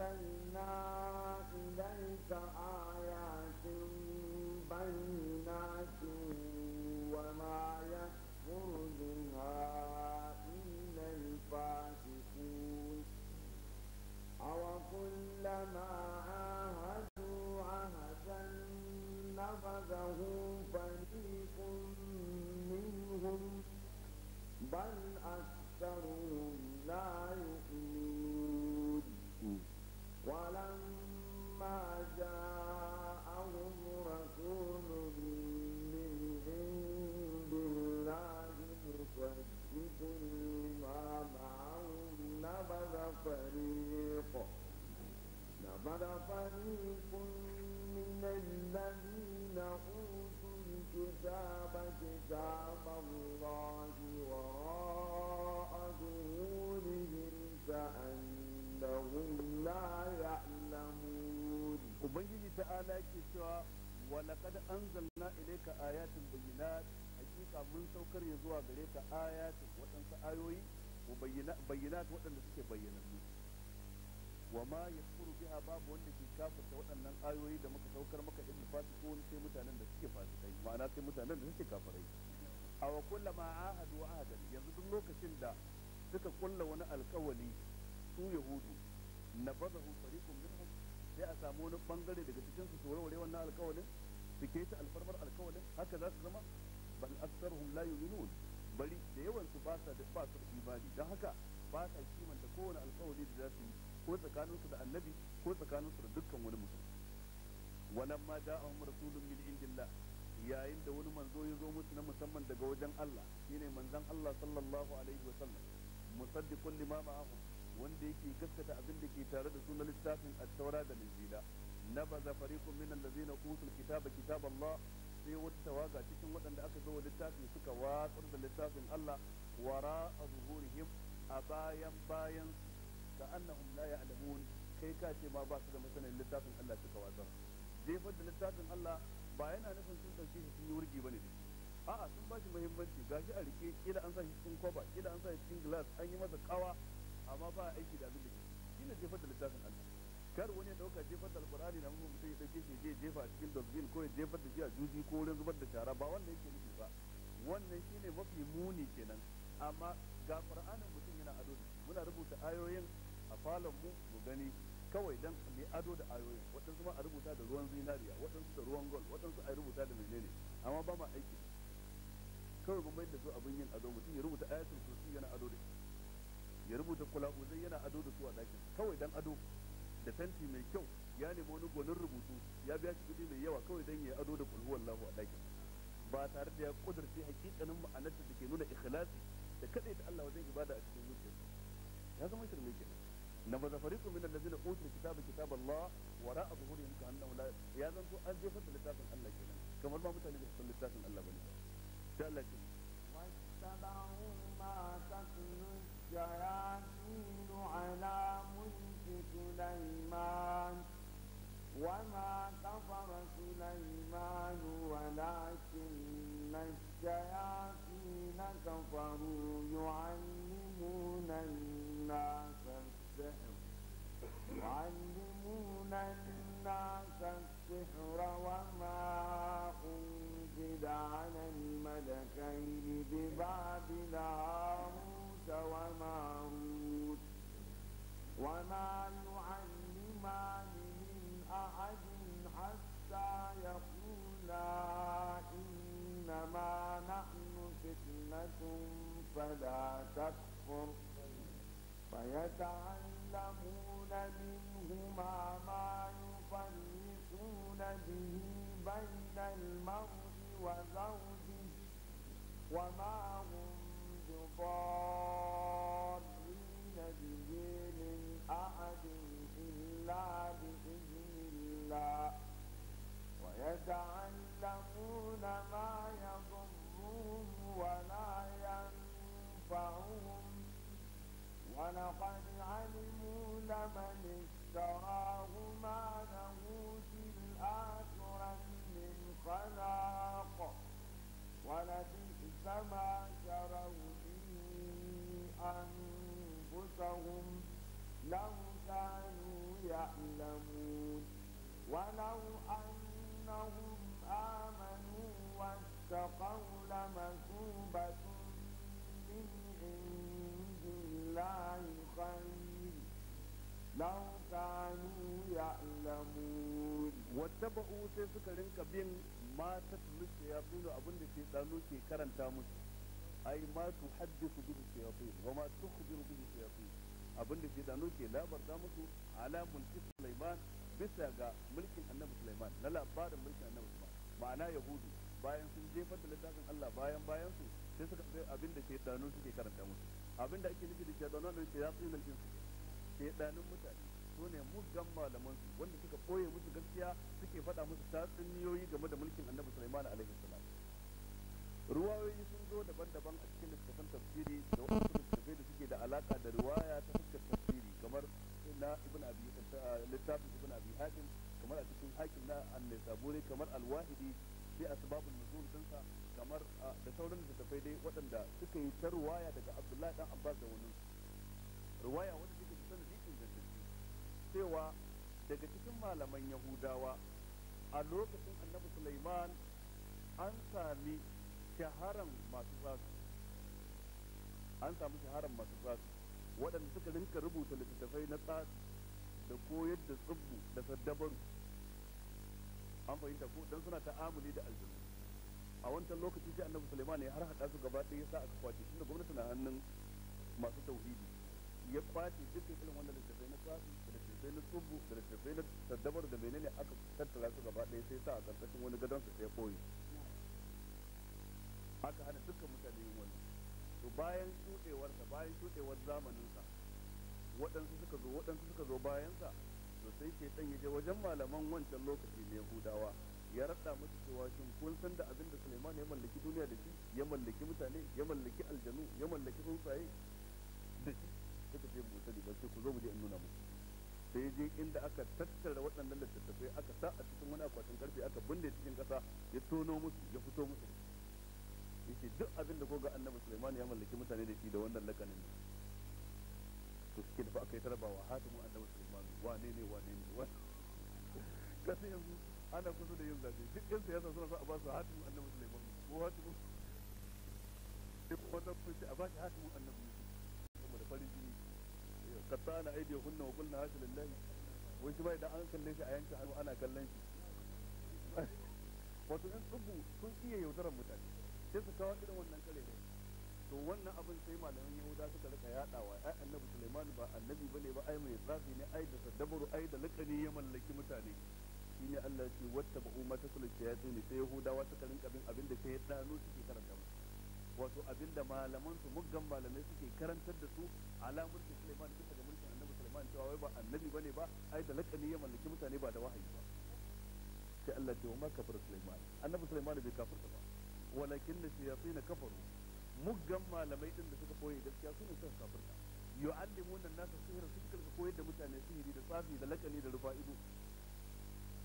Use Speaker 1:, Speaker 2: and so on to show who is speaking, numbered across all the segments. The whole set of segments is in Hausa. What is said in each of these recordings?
Speaker 1: أنزلنا إليك آيات بينات وما يكفر بها إلا الفاسقون أوكلما عاهدوا عهدا نبذه فريق منهم بل أكثرهم لا يؤمنون تعلم
Speaker 2: laqad anzalna ilayka ayatin bayyinat hakika mun saukar ya zuwa gare ka ayatin waɗansu ayoyi wa bayyinat waɗanda suke bayyanannu wa ma yakfuru biha babu wanda ke kafirta waɗannan ayoyi da muka saukar maka ibn fasiqun sai mutanen da suke fasikai ma'ana sai mutanen da suke kafirai aw kullama ahadu ahadan yanzu duk lokacin da suka kulla wani alkawali su yahudu nabadahu fariqun minhum sai a samu wani bangare daga cikin su su warware wannan alkawalin su ta alfarmar alkawalin haka za su zama bal aktsaruhum la yu'minun bari da yawan su ba da ba su imani dan haka ba sa kimanta kowane alkawari da za su yi ko tsakaninsu da annabi ko tsakaninsu da dukkan wani mutum walamma ja'ahum rasulun min indillah yayin da wani manzo ya zo musu na musamman daga wajen Allah shine manzon Allah sallallahu alaihi wa sallam musaddiqun lima ma'ahum wanda yake gaskata abin da ke tare da sunan littafin at-taura da injila nabaza fariqun min allazina utul kitaba kitaballah sai wata tawaga cikin waɗanda aka zo littafin suka watsar da littafin Allah wara a zuhurihim a bayan bayan ka annahum la ya'lamun kai ka ce ma ba su da masanin littafin Allah suka watsar jefar da littafin Allah ba yana nufin sun ɗauke shi sun yi wurgi bane da a'a sun ba shi muhimmanci gashi a rike kila an sa shi cikin kwaba kila an sa shi cikin glass an yi masa kawa amma ba aiki da abin da ke shine jefar da littafin Allah kar wani ya dauka jefar da alqur'ani da mutum sai ya dauke shi je jefa a cikin dustbin ko ya jefar da shi a juji ko wurin zubar da shara ba wannan yake nufi ba wannan shine mafi muni kenan amma ga qur'anin mutum yana ado da shi muna rubuta ayoyin a falon mu mu gani kawai dan mai ado da ayoyin waɗansu ma a rubuta da ruwan zinariya waɗansu da ruwan gold waɗansu a rubuta da menene amma ba ma aiki kawai mun mai da su abin yin ado mutum ya rubuta ayatul kursi yana ado da shi ya rubuta kula uzai yana ado da su a dakin kawai dan ado da fenti mai kyau ya nemi wani gonin rubutu ya biya shi kuɗi mai yawa kawai dan ya ado da kulhu a dakin ba tare da ya kudurce hakikanin ma'anarta da ke nuna ikhlasi da kadai da Allah wajen ibada a cikin zuciyarsa ya zama shirme kenan na ba min allazina utul kitaba ka annahu la ya zanto an jefar da littafin Allah kenan kamar ba mutane da su littafin Allah bane sai
Speaker 1: Allah سليمان وما كفر سليمان ولكن الشياطين كفروا يعلمون الناس السحر يعلمون الناس السحر وما أنزل على الملكين ببابل هاروت وماروت وما يعلمان من أحد حتى يقولا إنما نحن فتنة فلا تكفر فيتعلمون منهما ما يفرقون به بين المرء وزوجه وما هم بضار إلا بإذن الله ويتعلمون ما يضرهم ولا ينفعهم ولقد علموا لمن اشتراه ما له في الآخرة من خلاق ولبئس ما شروا به أنفسهم لو كانوا يعلمون ولو أنهم آمنوا واتقوا لمثوبة من عند الله خير لو كانوا يعلمون واتبعوا
Speaker 2: سيسك لنك بين ما تتلو الشياطين أبن في تلوكي كرن تاموس أي ما تحدث به الشياطين وما تخبر به الشياطين abin da ke ke labarta musu ala mulki Sulaiman bisa ga mulkin annabi Sulaiman na labarin mulkin annabi Sulaiman ma'ana yahudu bayan sun jefar da littafin Allah bayan bayan su sai suka sai abin da shaytanu suke karanta musu abin da ake nufi da shedanu ya ke yasu mulkin jinsu shaytanun mutane su ne muggan malaman su wanda suka koye musu gaskiya suke faɗa musu tatsuniyoyi game da mulkin annabi Sulaiman alaihi salam ruwayoyi sun zo daban-daban a cikin littafin tafsiri da wasu littattafai da suke da alaka da ruwaya ta fuskar tafsiri kamar na ibn abi eh, littafin ibn abi hatim kamar a cikin hakim na an-nisaburi kamar al-wahidi fi asbabun nuzul dinsa kamar ah, da sauran da tafai dai waɗanda suka yi ta ruwaya daga abdullahi dan abbas da wani ruwaya wanda suke da sanadi ingantacce cewa daga cikin malaman yahudawa a lokacin annabi sulaiman an sami shaharan masu tsasu an sami shaharan masu tsasu waɗanda suka rinka rubuta littattafai na tsari da koyar da tsibbu da saddabaru an fahimta ko dan suna ta'amuli da aljanu a wancan lokaci sai annabi Sulaiman ya har hada su gaba ɗaya sa aka kwace tunda gwamnati na hannun masu tauhidi ya kwace dukkan irin wannan littattafai na tsari da littattafai na tsubbu da littattafai na saddabar da menene aka tattara su gaba ɗaya sai sa a karkashin wani gadon su sai koyi aka hana dukkan mutane yin wannan to bayan shuɗewarsa bayan shuɗewar zamaninsa waɗansu suka zo waɗansu suka zo bayansa to sai ke ya je wajen malaman wancan lokaci na yahudawa ya rada musu cewa shin kun san da abin da Sulaiman ya mallaki duniya da shi ya mallaki mutane ya mallaki aljanu ya mallaki tsuntsaye da shi suka ce mu ba sai ku zo mu je in nuna muku sai je inda aka tattara waɗannan littattafai aka sa a cikin wani akwatin karfe aka binne cikin ƙasa ya tono musu ya fito musu yace duk abin da koga annabi Sulaiman ya mallaki mutane da shi da wannan lakanin ne to suke da fa aka yi tarbawa hatimu annabi Sulaiman wane ne wane ne wane kasu yanzu ana kusa da yin zaɓe duk yan siyasa suna so a ba su hatimu annabi Sulaiman ko hatimu duk wannan kuce a ba shi hatimu annabi kuma da farin jini katta ana aidiya hunna wa kullu hasu lillahi wai shi bai da an kalle shi a yanka ana kallon shi wato yan tsubu sun iya yaudarar mutane sai su kawo irin wannan kare ne to wannan abin sai malaman yahuda suka rika yadawa ai annabi sulaiman ba annabi bane ba ai mai tsafi ne ai da saddabaru ai da lakani ya mallaki mutane shine Allah ya ce wata ta sai yahudawa suka rinka bin abin da sai dano suke karanta wato abin da malaman su muggan malamai suke karantar da su mulkin annabi cewa wai ba annabi bane ba ai da lakani ya mallaki mutane ba da wahayi ba sai Allah ya ce wa ma kafir annabi bai kafirta ba walakin da shayatin kafaru muggan malamai ɗin da suka koyi gaskiya su ne suka kafirta yu'allimuna an-nasa sihra sun kalka da mutane sihiri da tsafi da lakani da rufa ido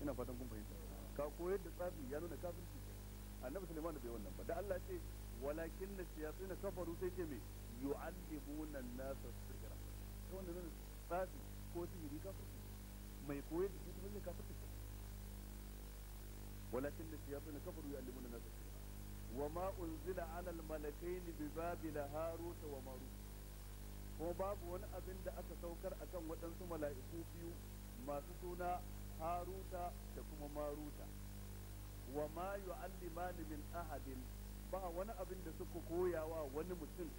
Speaker 2: ina fatan kun fahimta ka koyar da tsafi ya nuna kafirci annabi sulaiman bai wannan ba da Allah ce walakin da shayatin kafaru sai ce me yu'allimuna an-nasa sihra to wannan tsafi ko sihiri kafirci mai da shi walakin da kafaru nasa wa ma unzila alal malakaini bi babila harut wa ko babu wani abin da aka saukar akan waɗansu mala'iku biyu masu suna haruta da kuma maruta wa ma yu'allimani min ahadin ba wani abin da suka koya wa wani mutum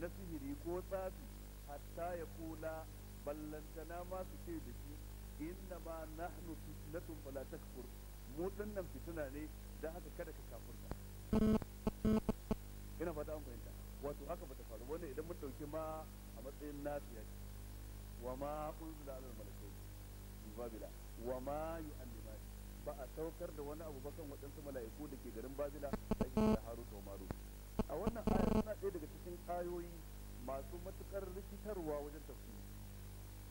Speaker 2: na sihiri ko tsafi hatta ya kula ballantana ma su ce da shi inna ma nahnu fitnatun fala takfur mu dinnan fituna ne da haka kada ka kafurta ina fata an fahimta wato haka bata faru wani idan mun dauki ma a matsayin nasiya wa ma unzila alal malakai babila wa ma yu'allimani ba a saukar da wani abu ba kan waɗansu mala'iku da ke garin babila da ke da haru to maru a wannan ayar suna daya daga cikin ayoyi masu matukar rikitarwa wajen tafsiri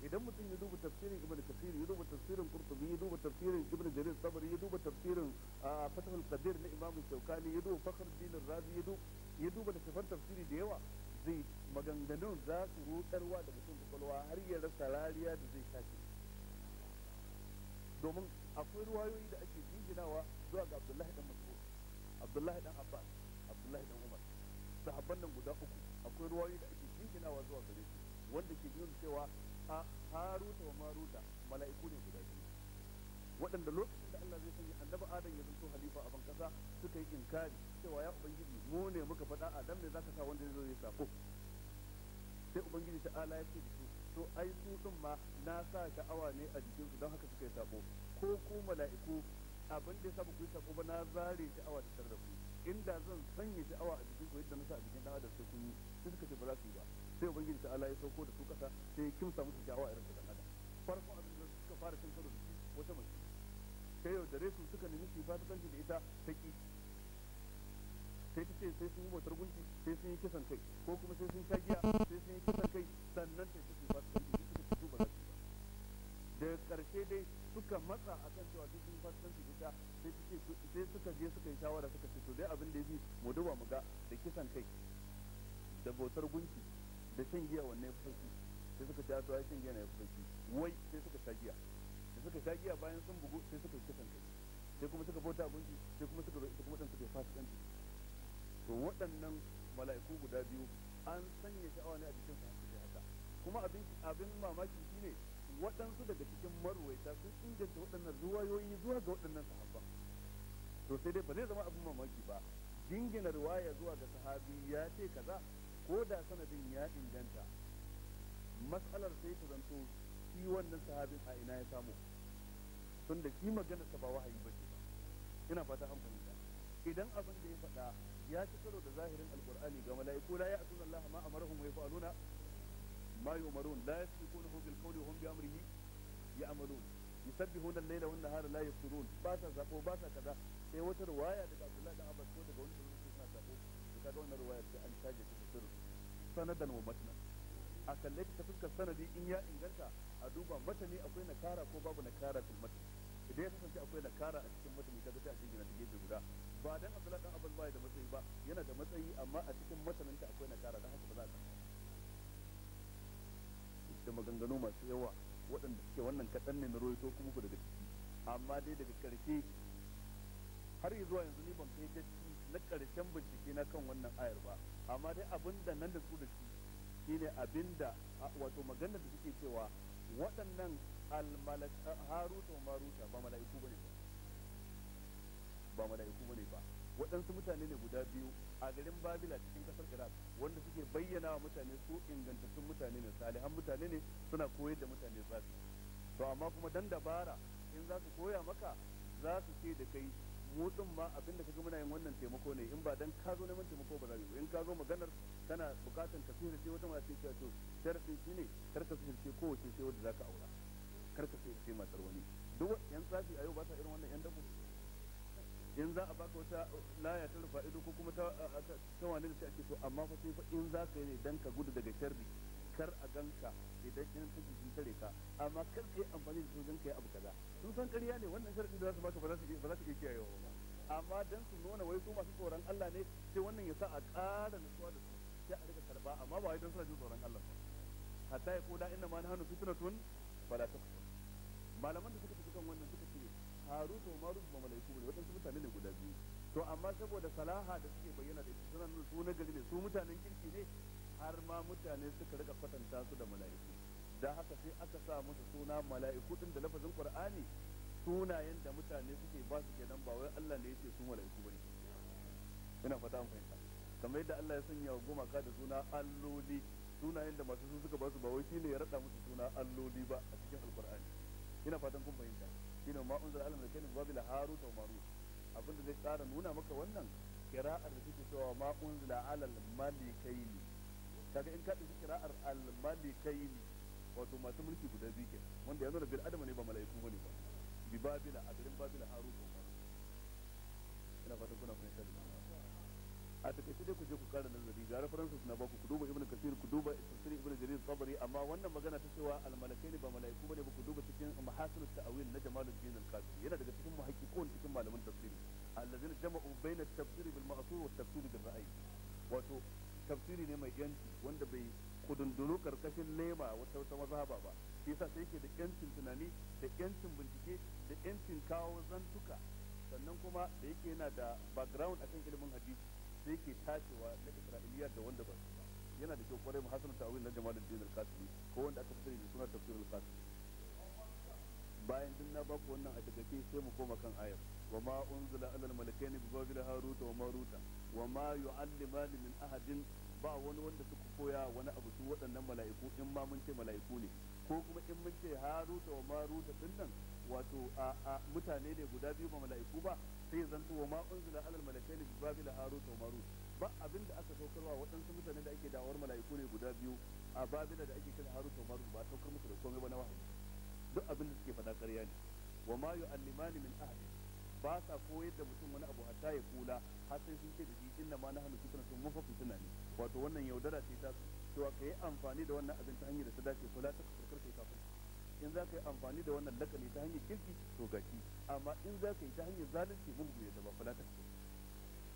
Speaker 2: idan mutum ya duba tafsirin ibn kasir ya duba tafsirin qurtubi ya duba tafsirin ibn jarir sabri ya duba tafsirin fatahul qadir na imam shaukani ya duba din razi ya duba ya duba littafan tafsiri da yawa zai maganganun za su rutarwa da mutum kwakwalwa har ya rasa rariya da zai tashi domin akwai ruwayoyi da ake jinginawa zuwa ga abdullahi dan mas'ud abdullahi dan abbas abdullahi dan umar sahabban nan guda uku akwai ruwayoyi da ake jinginawa zuwa gare su wanda ke nuna cewa haruta wa maruta mala'iku ne guda biyu waɗanda lokacin da Allah zai sanya annabi Adam ya zanto halifa a bankasa suka yi inkari cewa ya ubangiji mu ne muka faɗa Adam ne zaka sa wanda zai zo sako sai ubangiji ta ala ya ce da su to ai su din ma na sa sha'awa ne a jikin su don haka suka yi sako ko ku mala'iku abin da ya saba ku yi sako ba na zare sha'awa ta tare da ku inda zan sanya sha'awa a jikin ku yadda na sa a jikin dan adam sai kun yi sai suka ce ba za su yi ba sai ubangiji ta Allah ya sauko da su kasa sai ya kimsa musu jawa irin da adam farkon abin da suka fara cin karo da su wata mace sai yau da resu suka nemi su fata kanci da ita ta ki sai ta ce sai sun yi motar gunki sai sun yi kisan kai ko kuma sai sun sha giya sai sun yi kisan kai sannan ta ce su fata kanci da suka fito ba za su ba da karshe dai suka matsa a kan cewa sai sun yi fata kanci da ita sai ta ce sai suka je suka yi shawara suka ce to dai abin da ya fi mu duba mu ga da kisan kai da botar gunki da shan giya wanne fi sai suka ci asuwa shan giya na fi sauki wai sai suka sha giya da suka sha giya bayan sun bugu sai suka yi kisan kai sai kuma suka bauta abinci sai kuma suka sai kuma suka yi kanci to waɗannan mala'iku guda biyu an sanya sha'awa ne a cikin su sai haka kuma abin abin mamaki shine waɗansu daga cikin marwaita sun inganta waɗannan ruwayoyi zuwa ga waɗannan sahabban to sai dai ba zai zama abin mamaki ba dingina ruwaya zuwa ga sahabi ya ce kaza ko da sanadin ya inganta matsalar sai ta zanto shi wannan sahabin a ina ya samu tun da shi maganarsa ba wahayi ba ce ba ina fata an fahimta idan abin da ya faɗa ya ci karo da zahirin alkur'ani ga mala'iku la ya'tuna Allah ma amarahum wa yaf'aluna ma yu'marun la yasbiqunahu bil qawli wa hum bi amrihi ya'malun yusabbihuna al-layla wan nahara la yafturun ba sa zabo ba sa kaza sai wata riwaya daga Abdullah da Abbas ko daga wani da na matna a kalle ta fuskar sanadi in ya inganta a duba matani akwai na kara ko babu na kara fil mata idan ya kasance akwai na kara a cikin matani ta sai a jingina da guda ba dan Abdullah dan Abbas bai da matsayi ba yana da matsayi amma a cikin matanin ta akwai kara dan haka ba za a da maganganu masu yawa waɗanda suke wannan kaɗan ne na roito kuma ku daga ciki amma dai daga ƙarshe har zuwa yanzu ni ban kai gaskiya na ƙarshen bincike na kan wannan ayar ba amma dai abin da nan da su da shi shine abin da wato maganar da suke cewa waɗannan haruta wa maruta ba mala'iku bane ba ba mala'iku bane ba waɗansu mutane ne guda biyu a garin babila cikin ƙasar iraq wanda suke bayyana wa mutane su ingantattun mutane ne salihan mutane ne suna koyar da mutane zafi to amma kuma dan dabara in za su koya maka za su ce da kai mu din ma abinda kaga muna yin wannan taimako ne in ba dan ka zo neman taimako ba za yi in ka zo maganar kana bukatan ka sirri ce wata mace cewa to sharadin shine kar ka sirri ce kowace ce wanda zaka aura kar ka sirri ce matar wani duk yan tsafi a yau ba sa irin wannan yan dabo in za a baka wata uh, laya ta rufa ido ko kuma ta uh, wani da sai ake to amma fa sai fa in za ka yi ne dan ka gudu daga sharri kar a ganka idan in sun sun tare ka amma kar ka yi amfani da sojin ka yi abu kaza sun san ƙarya ne wannan sharadin da za su baka ba za su iya ba za su iya kiyaye ba amma dan su nuna wai su masu tsoron Allah ne sai wannan ya sa a ƙara nutsuwa da su sai a rika karba amma ba wai dan suna jin tsoron Allah ba hatta ya koda inna ma nahnu fitnatun fala takfur malaman da suka tafi kan wannan suka ce harut da marut ba malaiku ne wadansu mutane ne guda biyu to amma saboda salaha da suke bayyana da suna nuna su na gari ne su mutanen kirki ne har ma mutane suka rika kwatanta su da mala'iku da haka sai aka sa musu suna mala'iku din da lafazin qur'ani sunayen da mutane suke ba su kenan ba wai Allah ne yake su mala'iku bane ina fata mun fahimta kamar yadda Allah ya sanya wa gumaka da suna alloli sunayen da masu su suka ba su ba wai shine ya rada musu suna alloli ba a cikin alqur'ani ina fatan kun fahimta shine ma unzar alam da kanin babila harut wa marut abinda zai tsara nuna maka wannan kira'ar da suke cewa ma unzila alal malikaini kaga in ka ɗauki kira'ar al-malikaini wato masu mulki guda biyu ke wanda ya nuna bil adama ne ba mala'iku bane ba bi babila a garin babila haru ko ba ina fatan kuna fahimta da a takaice dai ku je ku kara nazari ga references na baku ku duba ibnu kasir ku duba tafsir ibnu jarir sabri amma wannan magana ta cewa al-malakaini ba mala'iku bane ba ku duba cikin mahasin ta'awil na jamaluddin al-qasimi yana daga cikin muhaqqiqun cikin malaman tafsiri allazina jama'u bayna at-tafsir bil ma'thur wa at-tafsir bil ra'yi tafsiri ne mai yanci wanda bai kudunduru karkashin lema wata wata mazhaba ba shi yasa sai yake da yancin tunani da yancin bincike da yancin kawo zantuka sannan kuma da yake yana da background akan ilimin hadisi sai yake tacewa na isra'iliyar da wanda ba su ba yana da kyau kwarai hasan ta'awil na jamaluddin al-qasimi ko wanda aka fi da suna tafsir bayan din na baku wannan a takaice sai mu koma kan ayar wa ma unzila alal malakaini bi babila haruta wa maruta wa ma yu'allimani min ahadin ba wani wanda suka koya wani abu su waɗannan mala'iku in ma mun ce mala'iku ne ko kuma in mun ce haruta wa maruta din wato a mutane ne guda biyu ba mala'iku ba sai zanto wa ma unzila alal malakaini bi babila haruta wa maruta ba abin da aka saukarwa waɗansu mutane da ake dawar mala'iku ne guda biyu a babila da ake kira haruta wa maruta ba saukar musu da komai ba na wahayi duk abin da suke faɗa ƙarya ne wa ma yu'allimani min ahadin ba sa koyar da mutum wani abu hatta ya kula har sai sun ce da shi inna ma nahnu fitnatun mun fa fitina ne wato wannan yaudara ce ta ka kai amfani da wannan abin ta hanyar da ta dace kula ta karkar kai kafin in za ka yi amfani da wannan lakani ta hanyar kirki to gashi amma in za ka yi ta hanyar zalunci mun buye da ba kula ta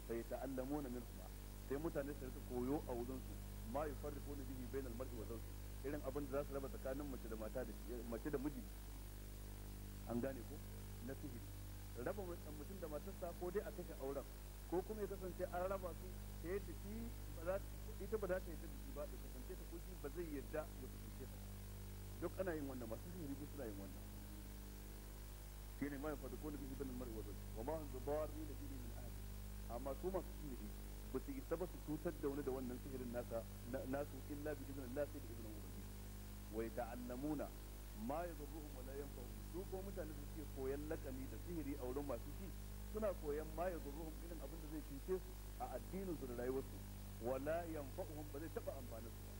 Speaker 2: sai min minhuma sai mutane su koyo a wurin su ma yufarriquna bihi bainal mar'i wa zawji irin abin da za su raba tsakanin mace da mata da mace da miji an gane ko na sihiri raba mutum da matarsa ko dai a kashe auren ko kuma ya kasance an raba su ta yadda shi ita ba za ta yadda da shi ba ya kasance ta ko ba zai yadda ya kasance ta duk ana yin wannan masu sihiri duk suna yin wannan shi ne mai fadu kone bihi banin mar'i wajen ba ma hanzu bawari da bihi min ahadi amma su masu sihiri ba su isa saba su cutar da wani da wannan sihirin nasa nasu illa bi izinin lafi da izinin ubangiji wa yata'allamuna ma yadurruhum wa la yanfa'uhum duk ko mutane da suke koyan lakani da sihiri a wurin masu shi suna koyan ma ya hun irin abin da zai cuce su a addinin su da rayuwarsu wala yanfa'uhum ba zai taba amfani su ba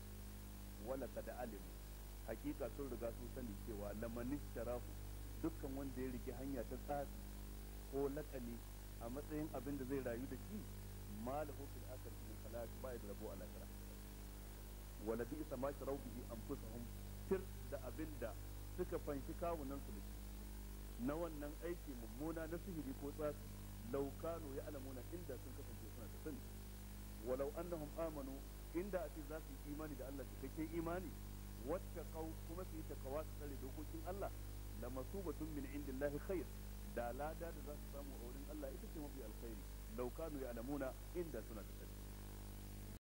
Speaker 2: wala qad alimu hakika sun riga sun sani cewa sharafu dukkan wanda ya rike hanya ta tsafi ko lakani a matsayin abin da zai rayu da shi malahu fil akhir min salat ba ya rabo ala kara wala bi isa ma sharau bihi tir da abinda suka fanshi kawunan su da na wannan aiki mummuna na sihiri ko tsafi laukano ya alamuna inda sun kasance suna da sani walau annahum amanu inda a ce za su yi imani da Allah cikakken imani wacce kau kuma su yi takawa su tsare dokokin Allah la masubatun min indillahi khair da lada da za su samu a wurin Allah ita ce mafi alkhairi laukano ya alamuna inda suna da sani